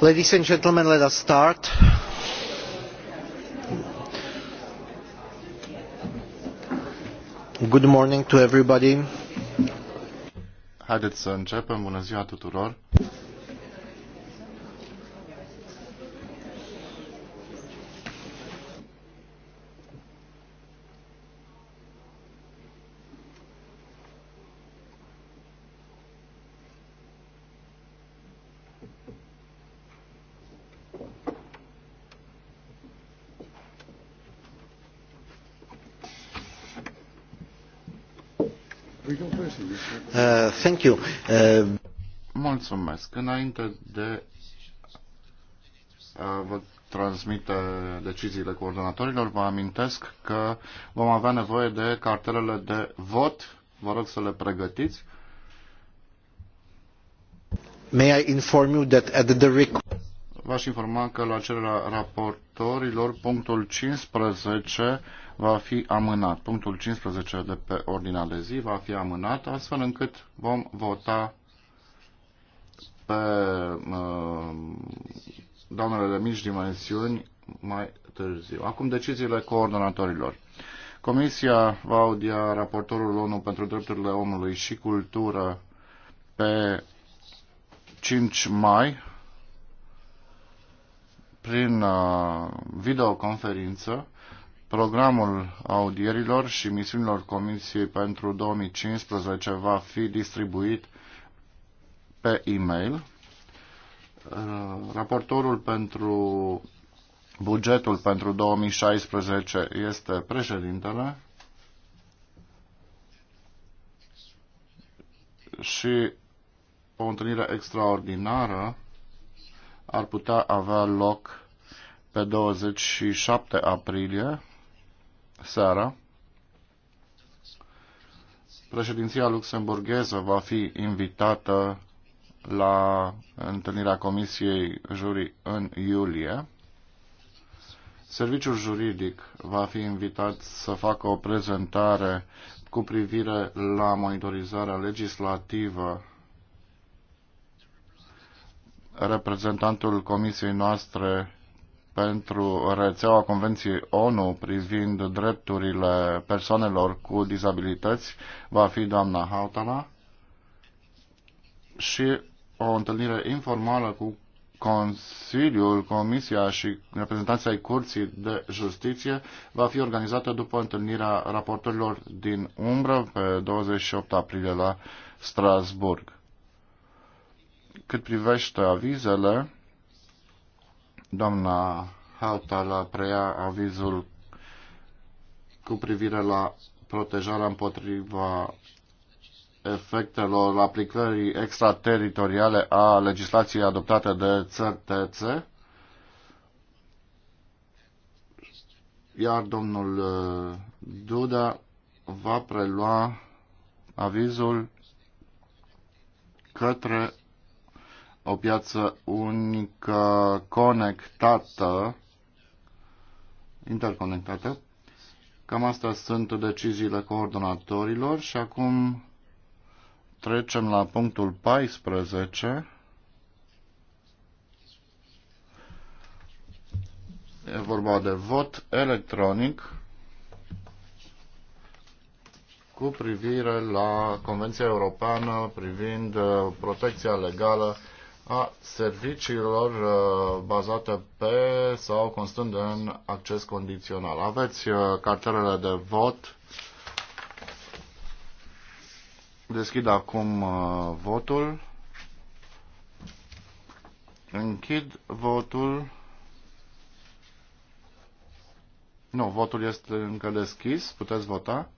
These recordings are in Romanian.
Ladies and gentlemen, let us start. Good morning to everybody. Haideți să începem. Bună ziua tuturor. Thank you. Uh... Mulțumesc. Înainte de a vă transmite deciziile coordonatorilor, vă amintesc că vom avea nevoie de cartelele de vot. Vă rog să le pregătiți. May I inform you that at the V-aș informa că la cererea raportorilor, punctul 15 va fi amânat. Punctul 15 de pe ordinea de zi va fi amânat, astfel încât vom vota pe uh, doamnele de mici dimensiuni mai târziu. Acum deciziile coordonatorilor. Comisia va audia raportorul ONU pentru drepturile omului și cultură pe 5 mai prin uh, videoconferință Programul audierilor și misiunilor Comisiei pentru 2015 va fi distribuit pe e-mail. Raportorul pentru bugetul pentru 2016 este președintele și o întâlnire extraordinară ar putea avea loc pe 27 aprilie seara, președinția luxemburgheză va fi invitată la întâlnirea Comisiei Jurii în iulie. Serviciul juridic va fi invitat să facă o prezentare cu privire la monitorizarea legislativă. Reprezentantul comisiei noastre pentru rețeaua Convenției ONU privind drepturile persoanelor cu dizabilități va fi doamna Hautala și o întâlnire informală cu Consiliul, Comisia și reprezentanții ai Curții de Justiție va fi organizată după întâlnirea raportorilor din umbră pe 28 aprilie la Strasburg. Cât privește avizele, Doamna Hautala preia avizul cu privire la protejarea împotriva efectelor aplicării extrateritoriale a legislației adoptate de țări terțe. Iar domnul uh, Duda va prelua avizul către o piață unică conectată, interconectată. Cam astea sunt deciziile coordonatorilor și acum trecem la punctul 14. E vorba de vot electronic cu privire la Convenția Europeană privind uh, protecția legală a serviciilor uh, bazate pe sau constând în acces condițional. Aveți uh, cartelele de vot. Deschid acum uh, votul. Închid votul. Nu, votul este încă deschis. Puteți vota.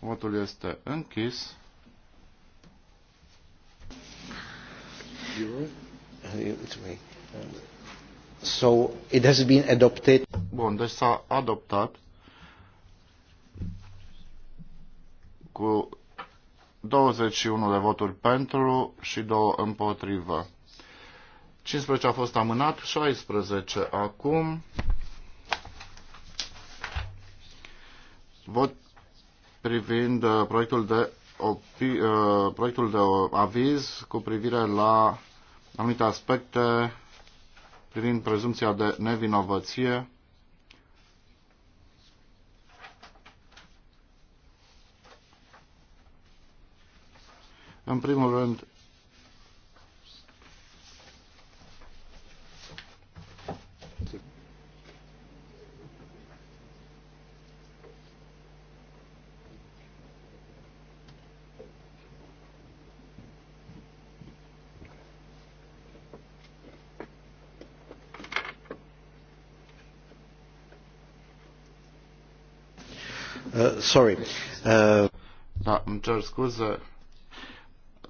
Votul este închis. Uh, so it has been adopted. Bun, deci s-a adoptat cu 21 de voturi pentru și 2 împotrivă. 15 a fost amânat, 16 acum. Vot privind uh, proiectul de, opi, uh, proiectul de aviz cu privire la anumite aspecte privind prezumția de nevinovăție În primul rând, Uh, sorry. Uh... Da, îmi cer scuze.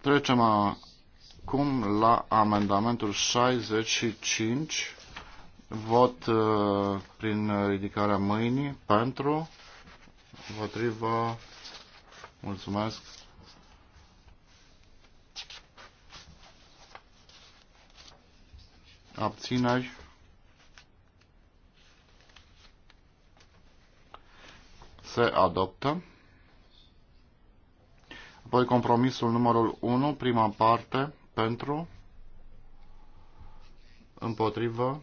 Trecem acum la amendamentul 65. Vot uh, prin ridicarea mâinii pentru, împotriva, mulțumesc, abțineri. se adoptă. Apoi compromisul numărul 1, prima parte, pentru, împotrivă,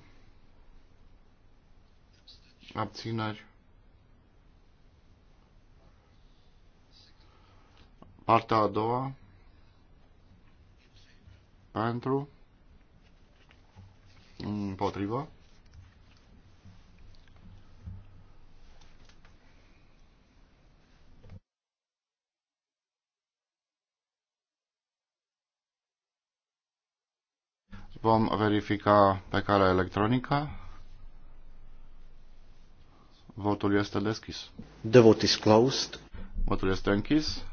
abțineri. Partea a doua, pentru, împotrivă, Vom verifica pe cale electronică. Votul este deschis. The vote is closed. Votul este închis.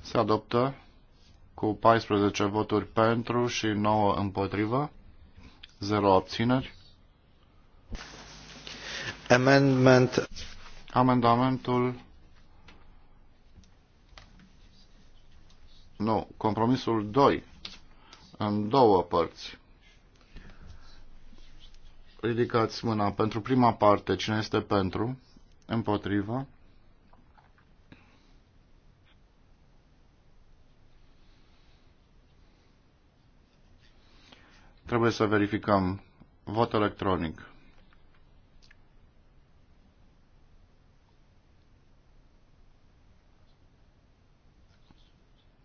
Se adoptă cu 14 voturi pentru și 9 împotrivă, 0 abțineri. Amendment. Amendamentul Nu, compromisul 2, în două părți. Ridicați mâna pentru prima parte, cine este pentru, împotrivă. Trebuie să verificăm vot electronic.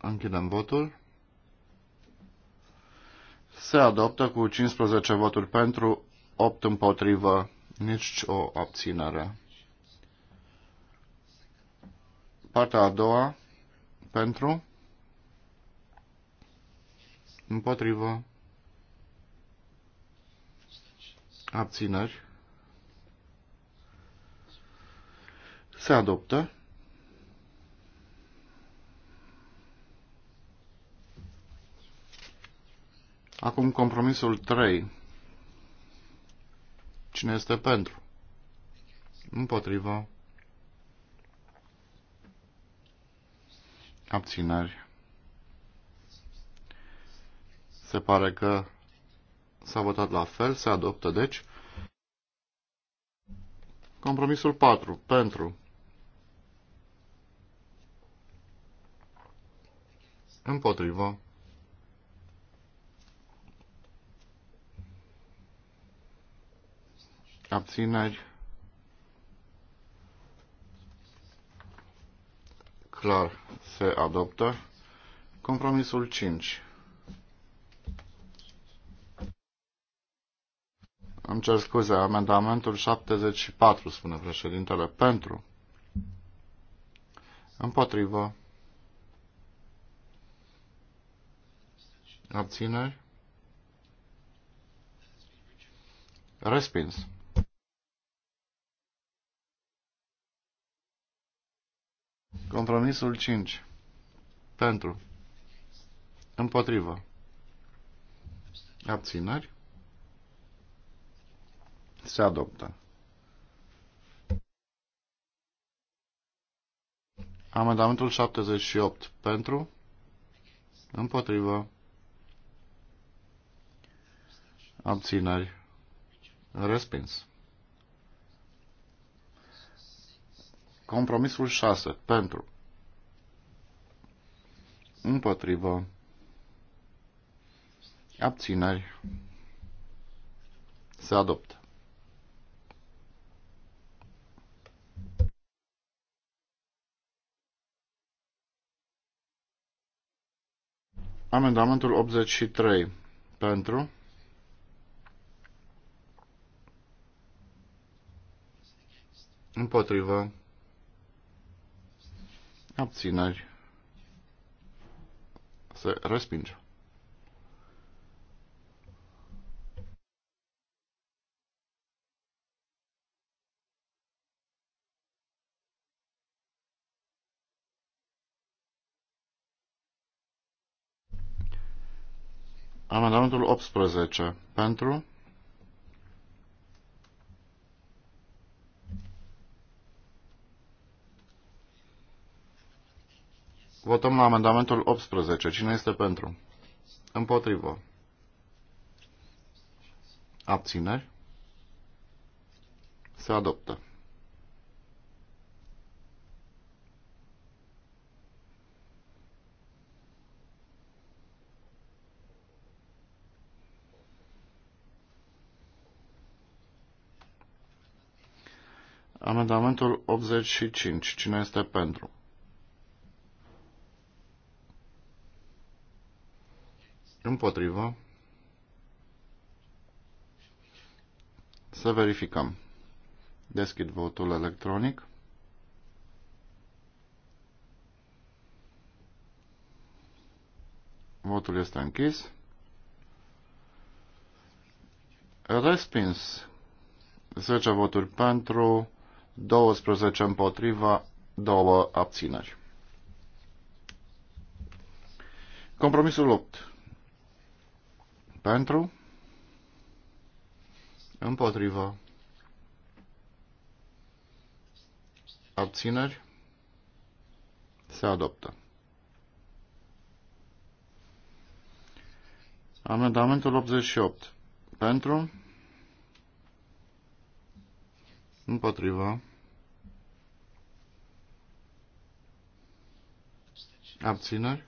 Închidem votul. Se adoptă cu 15 voturi pentru, 8 împotrivă, nici o abținere. Partea a doua, pentru, împotrivă, abțineri. Se adoptă. Acum compromisul 3. Cine este pentru? Împotriva. Abțineri. Se pare că s-a votat la fel, se adoptă deci. Compromisul 4. Pentru. Împotrivă. abțineri, clar se adoptă. Compromisul 5. Îmi cer scuze, amendamentul 74, spune președintele, pentru, împotrivă, abțineri, respins. Compromisul 5. Pentru. Împotrivă. Abțineri. Se adoptă. Amendamentul 78. Pentru. Împotrivă. Abțineri. Respins. Compromisul 6. Pentru. Împotrivă. Abțineri. Se adoptă. Amendamentul 83. Pentru. Împotrivă abțineri, se respinge. Amendamentul 18. Pentru, Votăm la amendamentul 18. Cine este pentru? Împotrivă. Abțineri. Se adoptă. Amendamentul 85. Cine este pentru? Împotrivă. Să verificăm. Deschid votul electronic. Votul este închis. Respins. 10 voturi pentru, 12 împotriva, 2 abțineri. Compromisul 8. Pentru? Împotrivă. Abțineri? Se adoptă. Amendamentul 88. Pentru? Împotrivă. Abțineri?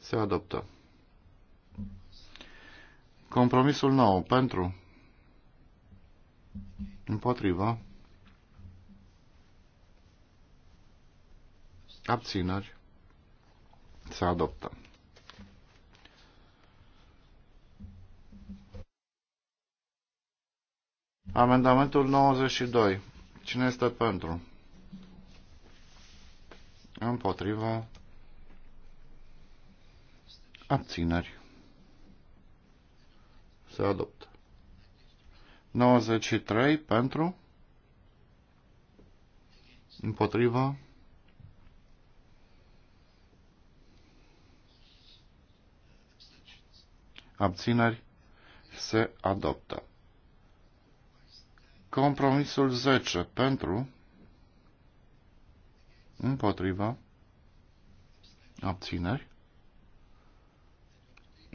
Se adoptă. Compromisul 9 pentru împotriva abțineri se adoptă. Amendamentul 92. Cine este pentru? Împotriva. Abțineri. Se adoptă. 93 pentru. Împotriva. Abțineri. Se adoptă. Compromisul 10 pentru. Împotriva. Abțineri.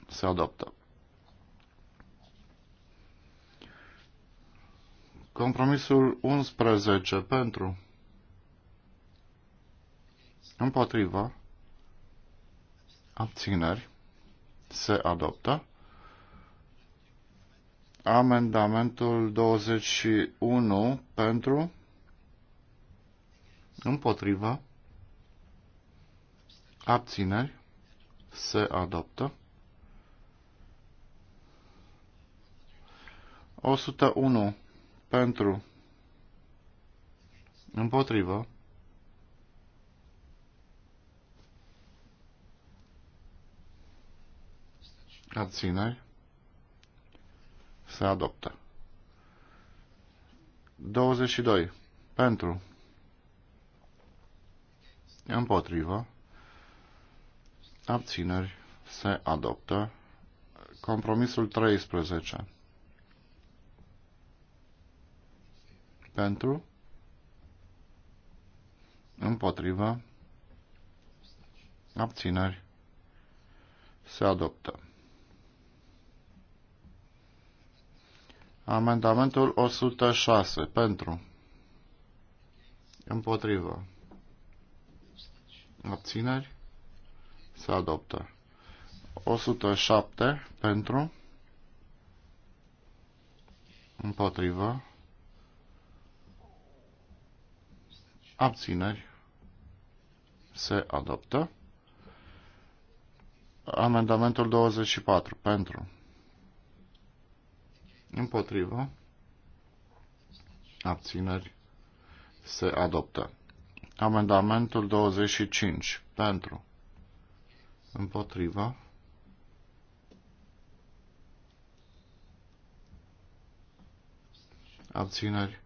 Se adoptă. Compromisul 11 pentru împotriva abțineri se adoptă. Amendamentul 21 pentru împotriva abțineri se adoptă. 101 pentru, împotrivă, abțineri, se adoptă. 22. Pentru, împotrivă, abțineri, se adoptă. Compromisul 13. pentru, împotrivă, abțineri, se adoptă. Amendamentul 106 pentru împotrivă abțineri se adoptă 107 pentru împotrivă Abțineri. Se adoptă. Amendamentul 24. Pentru. Împotrivă. Abțineri. Se adoptă. Amendamentul 25. Pentru. Împotrivă. Abțineri.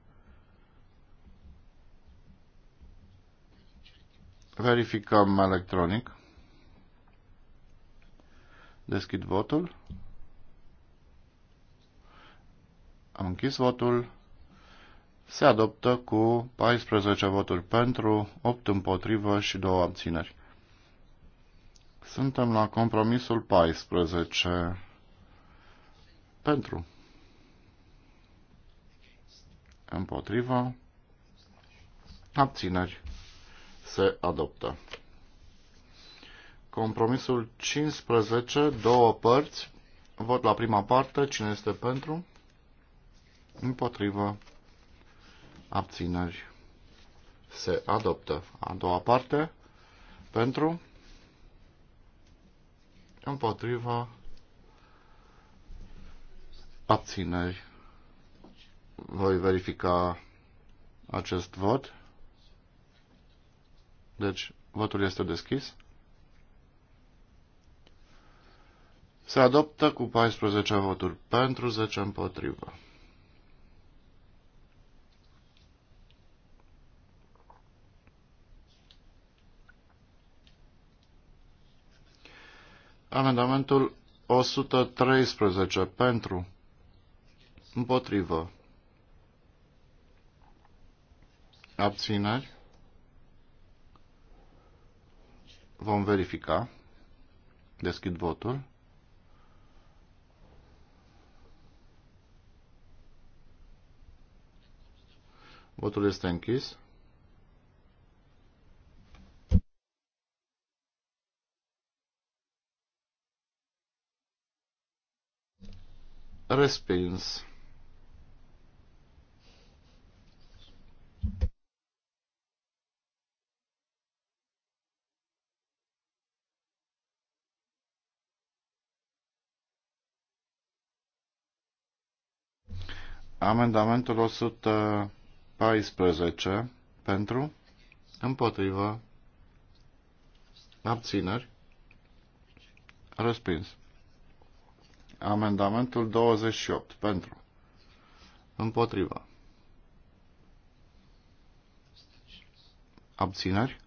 Verificăm electronic. Deschid votul. Am închis votul. Se adoptă cu 14 voturi pentru, 8 împotrivă și 2 abțineri. Suntem la compromisul 14. Pentru. Împotrivă. Abțineri se adoptă. Compromisul 15, două părți, vot la prima parte, cine este pentru, împotrivă, abțineri, se adoptă. A doua parte, pentru, împotriva abțineri. Voi verifica acest vot. Deci, votul este deschis. Se adoptă cu 14 voturi pentru, 10 împotrivă. Amendamentul 113 pentru, împotrivă, abțineri, Vom verifica. Deschid votul. Votul este închis. Respins. Amendamentul 114 pentru, împotrivă, abțineri, respins. Amendamentul 28 pentru, împotrivă, abțineri.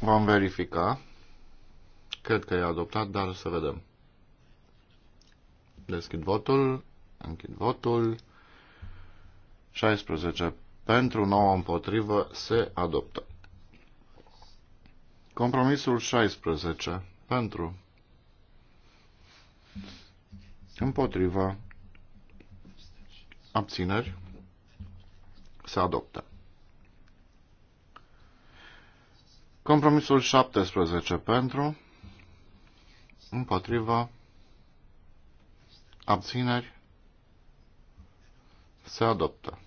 Vom verifica. Cred că e adoptat, dar să vedem. Deschid votul. Închid votul. 16 pentru, 9 împotrivă, se adoptă. Compromisul 16 pentru, împotrivă abțineri, se adoptă. Compromisul 17 pentru, împotrivă abțineri, se adoptă.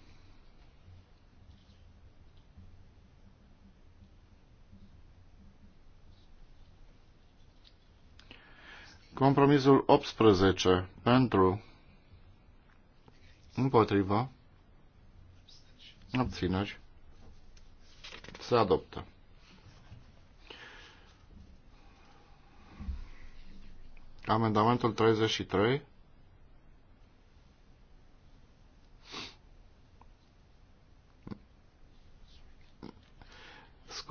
Compromisul 18 pentru împotriva abțineri se adoptă. Amendamentul 33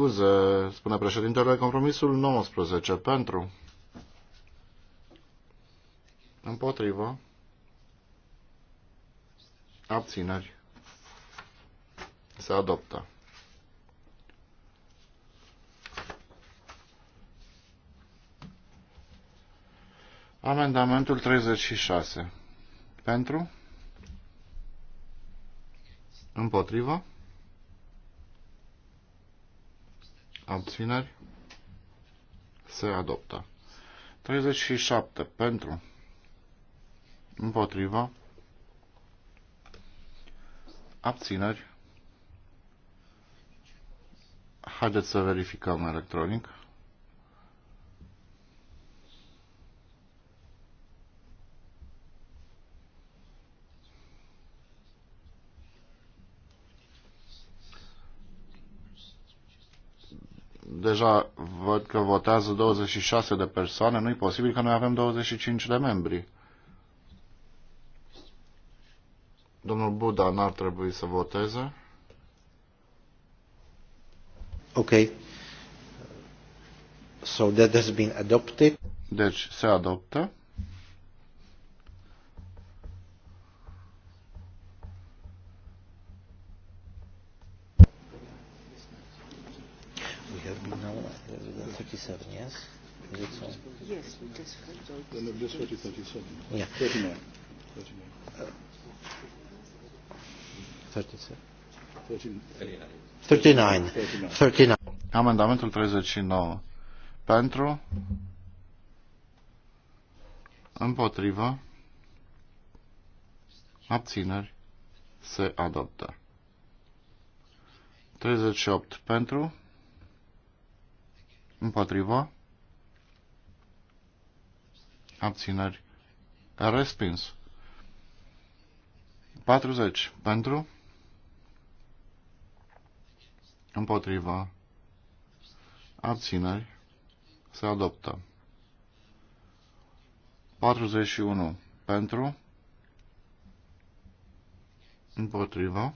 scuze, spune președintele, compromisul 19 pentru. Împotrivă. Abțineri. Se adoptă. Amendamentul 36. Pentru? Împotrivă? abțineri, se adoptă. 37 pentru, împotriva, abțineri. Haideți să verificăm electronic. deja văd că votează 26 de persoane, nu-i posibil că noi avem 25 de membri. Domnul Buda n-ar trebui să voteze. Ok. So that has been adopted. Deci se adoptă. 37, yes? Is it so? Yes, we just 37. Yeah. 39. 39. 39. 39. Amendamentul 39. Pentru. Împotrivă. Abțineri. Se adoptă. 38 pentru împotriva Abțineri. Respins. 40. Pentru. Împotriva. Abțineri. Se adoptă. 41. Pentru. Împotriva.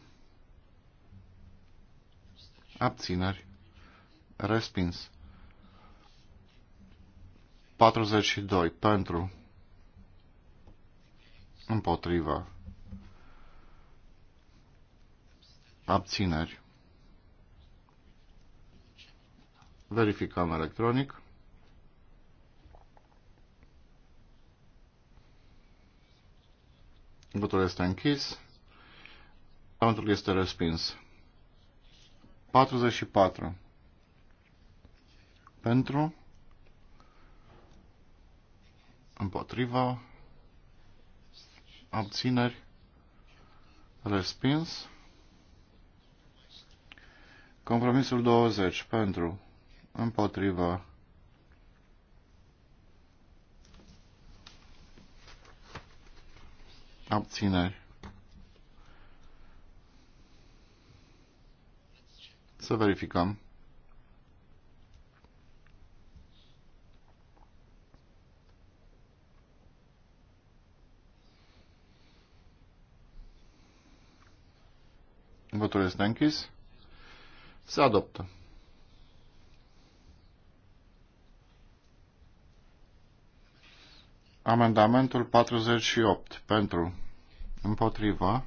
Abțineri. Respins. 42 pentru împotriva abțineri verificăm electronic votul este închis Votul este respins. 44. Pentru împotriva, abțineri, respins. Compromisul 20 pentru, împotriva, abțineri. Să verificăm. Votul este închis. Se adoptă. Amendamentul 48 pentru împotriva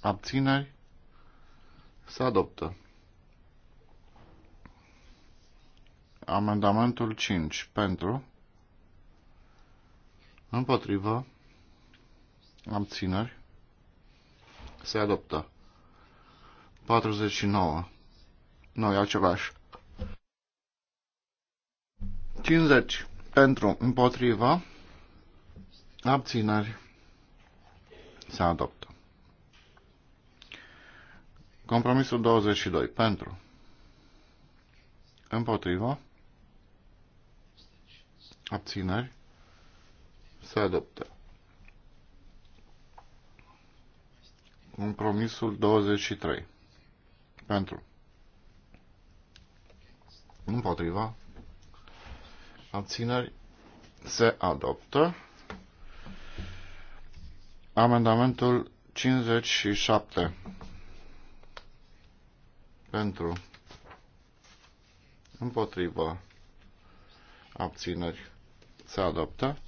abțineri se adoptă. Amendamentul 5 pentru împotriva abțineri se adoptă. 49. Nu, e același. 50. Pentru, împotriva, abțineri, se adoptă. Compromisul 22. Pentru, împotriva, abțineri, se adoptă. Compromisul 23. Pentru. Împotriva. Abțineri. Se adoptă. Amendamentul 57. Pentru. Împotriva. Abțineri. Se adoptă.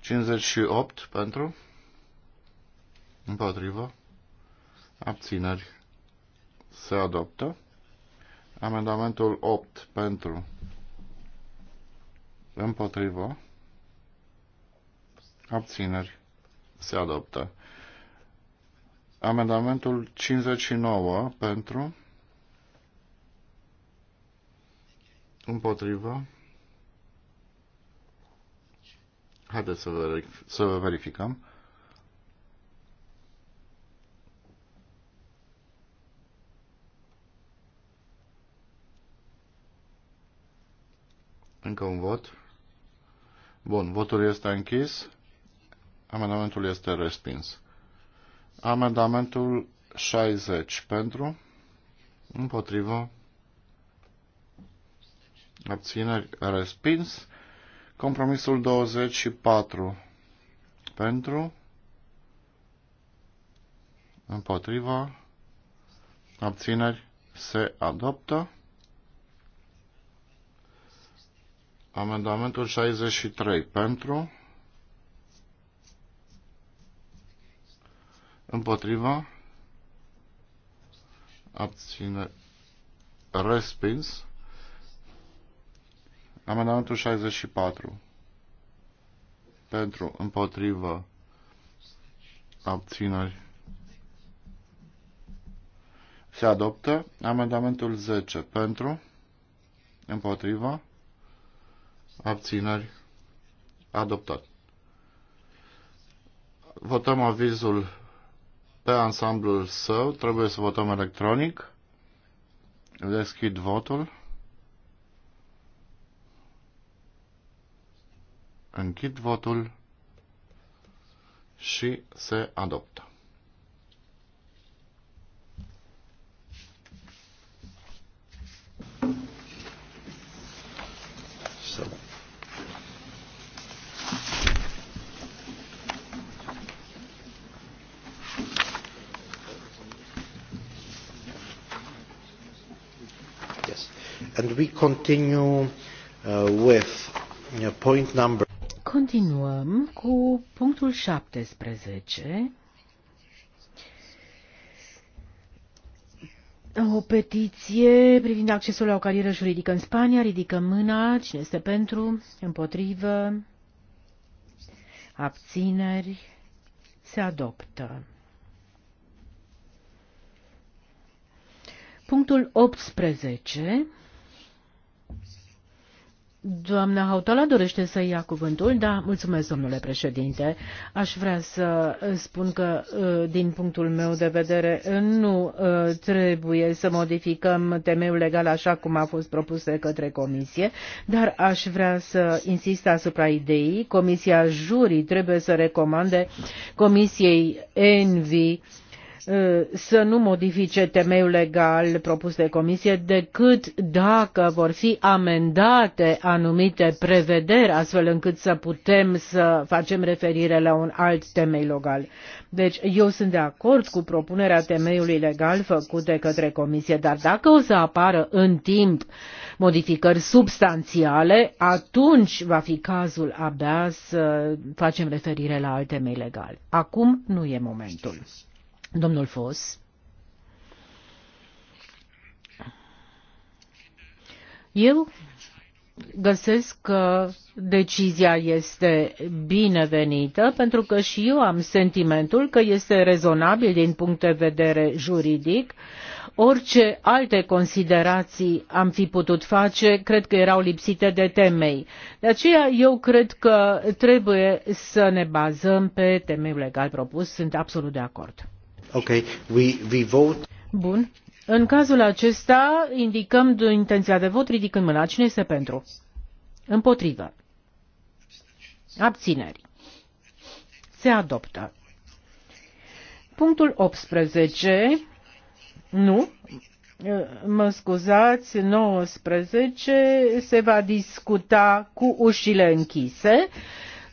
58 pentru. Împotriva abțineri, se adoptă. Amendamentul 8 pentru împotrivă, abțineri, se adoptă. Amendamentul 59 pentru împotrivă. Haideți să, verific- să verificăm. Încă un vot. Bun, votul este închis. Amendamentul este respins. Amendamentul 60 pentru, împotrivă, abțineri, respins. Compromisul 24 pentru, împotriva, abțineri, se adoptă. Amendamentul 63 pentru, împotriva, abține, respins. Amendamentul 64 pentru, împotrivă, abțineri. Se adoptă amendamentul 10 pentru, împotriva, abțineri, adoptat. Votăm avizul pe ansamblul său. Trebuie să votăm electronic. Deschid votul. Închid votul și se adoptă. And we continue uh, with uh, point number... Continuăm cu punctul 17. O petiție privind accesul la o carieră juridică în Spania. Ridică mâna. Cine este pentru? Împotrivă? Abțineri? Se adoptă. Punctul 18. Doamna Hautala dorește să ia cuvântul. Da, mulțumesc, domnule președinte. Aș vrea să spun că, uh, din punctul meu de vedere, nu uh, trebuie să modificăm temeiul legal așa cum a fost propus de către Comisie, dar aș vrea să insist asupra ideii. Comisia Jurii trebuie să recomande Comisiei Envi Uh, să nu modifice temeiul legal propus de comisie decât dacă vor fi amendate anumite prevederi astfel încât să putem să facem referire la un alt temei legal. Deci eu sunt de acord cu propunerea temeiului legal făcut de către comisie, dar dacă o să apară în timp modificări substanțiale, atunci va fi cazul abia să facem referire la alt temei legal. Acum nu e momentul. Domnul Fos. Eu găsesc că decizia este binevenită pentru că și eu am sentimentul că este rezonabil din punct de vedere juridic. Orice alte considerații am fi putut face, cred că erau lipsite de temei. De aceea eu cred că trebuie să ne bazăm pe temeiul legal propus. Sunt absolut de acord. Okay. We, we vote. Bun. În cazul acesta indicăm intenția de vot ridicând mâna. Cine este pentru? Împotrivă. Abțineri. Se adoptă. Punctul 18. Nu. Mă scuzați, 19 se va discuta cu ușile închise.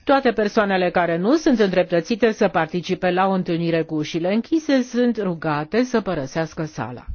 Toate persoanele care nu sunt îndreptățite să participe la o întâlnire cu ușile închise sunt rugate să părăsească sala.